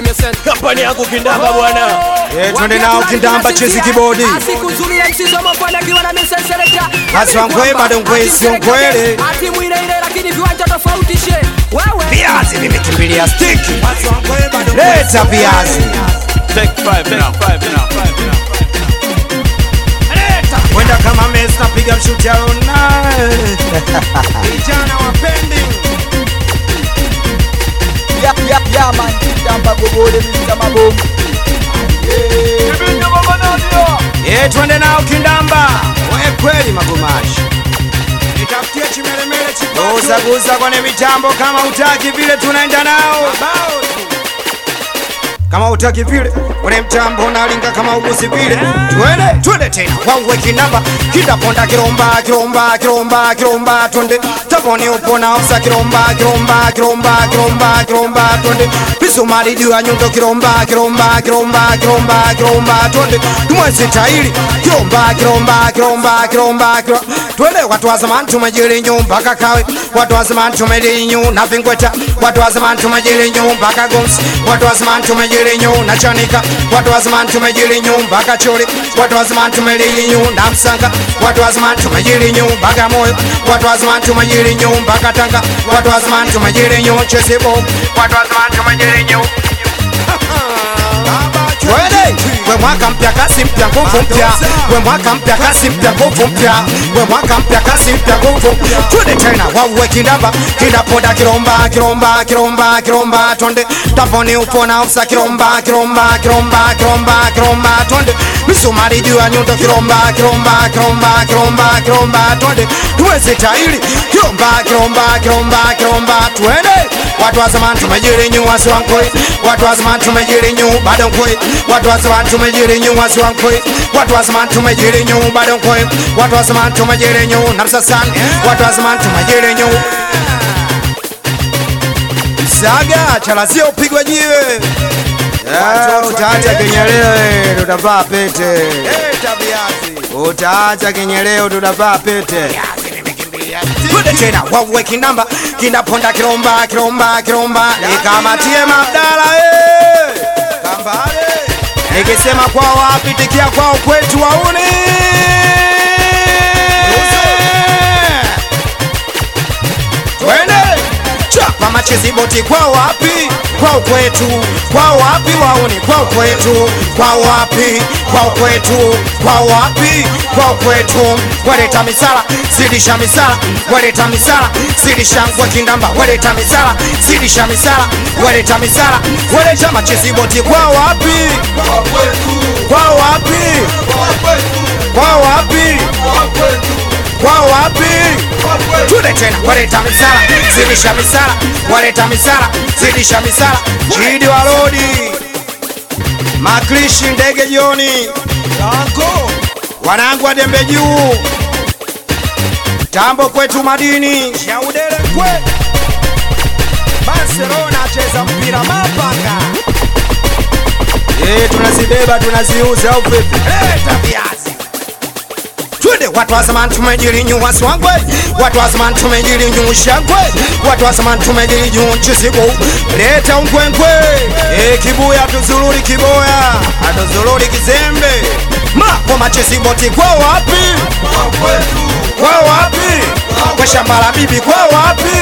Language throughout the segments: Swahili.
zimeset kampani yangu kindamba oh, bwana twende nao kindamba chezi kibodi bado sio viazi vimekimbilia stiki leta viazi kwenda kama mesa piga mshuti aona vijana wapendi Eh, twende nao kindamba we kweli magumashi nitafutie chimelemele chikuza guza mitambo kama utaki vile tunaenda nao Mabao kama utaki vile, ule mtambo unalinga kama ugusi vile. Twende twende tena, wangu kinamba kidaponda kiromba kiromba kiromba kiromba, twende tabone upona ofsa kiromba kiromba kiromba kiromba kiromba, twende pisumari juu nyundo kiromba kiromba kiromba kiromba kiromba, twende tumwezi tairi kiromba kiromba kiromba kiromba, twende watu wa zamani tumejili nyumba kakawe, watu wa zamani tumejili nyumba vingweta, watu wa zamani tumejili nyumba kagomsi, watu wa zamani tumejili What What was was man to mjilinyu nachanika watu wazima ntumejilinyu mpaka chuli watu wazima ntumejilinyu namsanga watu wazima ntumejilinyu mpaka moyo watu wazima ntumejilinyu mpaka tanga What was man to watu wazima ntumejilinyu we mwaka mpya, kasi mpya, nguvu mpya, we mwaka mpya, kasi mpya, nguvu mpya, we mwaka mpya, kasi mpya, nguvu twende tena, wawe kidamba kidapoda, kiromba kiromba kiromba kiromba, twende taponi upona ofsa, kiromba kiromba kiromba kiromba kiromba, twende misumari juu ya kiromba kiromba kiromba kiromba kiromba, twende tuweze tairi, kiromba kiromba kiromba kiromba, twende watu wasema tumejiri nyu wasiwankwe, watu wasema tumejiri nyu bado nkwe, watu wasema tumejiri nyu wasiwankwe, watu wasema tumejiri nyu bado nkwe, watu wasema tumejiri nyu namsasan, watu wasema tumejiri nyu saga chalazio pigwa jiwe ah, utaacha kinyeleo tutavaa pete, utaacha kinyeleo tutavaa pete yeah. Tuende tena wawe kinamba kinaponda kilomba kilomba kilomba nikamatie mabdala eh. nikisema kwao apitikia kwao kwetu wauni Hawachezi boti kwa wapi? kwa kwetu. kwa wapi? Wao kwa kwao kwetu. Kwao wapi? kwa kwetu. kwa wapi? kwa kwetu. Waleta misala, zidisha misala. Waleta misala, zidisha ngwa kindamba. Waleta misala, zidisha misala. Waleta misala. Waleta machezi boti kwa wapi? kwa wao wapi? Tude tena, waleta misala, zidisha misala, waleta misala, zidisha misala. Jidi walodi Makrishi Ndege, Joni wanangu wa Dembe Juu, tambo kwetu madini Shaudele kwe Barcelona, cheza mpira mapanga. hey, eh, tunazibeba tunaziuza au vipi? Hey, tabia Mende watu wa zamani tumejili nyu waswangwe, watu wa zamani tumejili nyu shangwe, watu wa zamani tumejili nyu chisiku. Leta unkwenkwe e, kibuya tuzururi kiboya atuzururi kizembe ma makoma chisiboti kwa wapi kwa wapi kwa shamba la bibi kwa wapi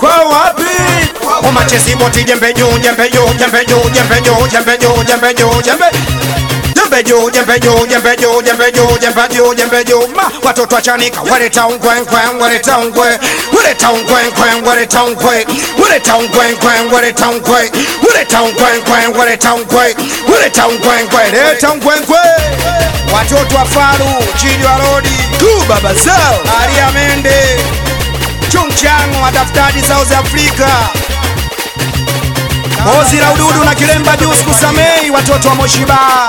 kwa wapi kwa machezi boti jembe juu jembe juu jembe juu jembe juu jembe juu jembe juu jembe jembe juu jembe juu jembe juu jembe juu jembe juu jembe juu ma watoto wachanika waleta ungwengwe waleta ungwe waleta ungwengwe waleta ungwe waleta ungwengwe waleta ungwe waleta ungwengwe waleta ungwe waleta ungwengwe leta ungwengwe eh, watoto wa faru chini wa rodi tu baba zao Aria Mende Chungchango daftari South Africa Ozi la ududu na kilemba juu sikusamei watoto wa Moshiba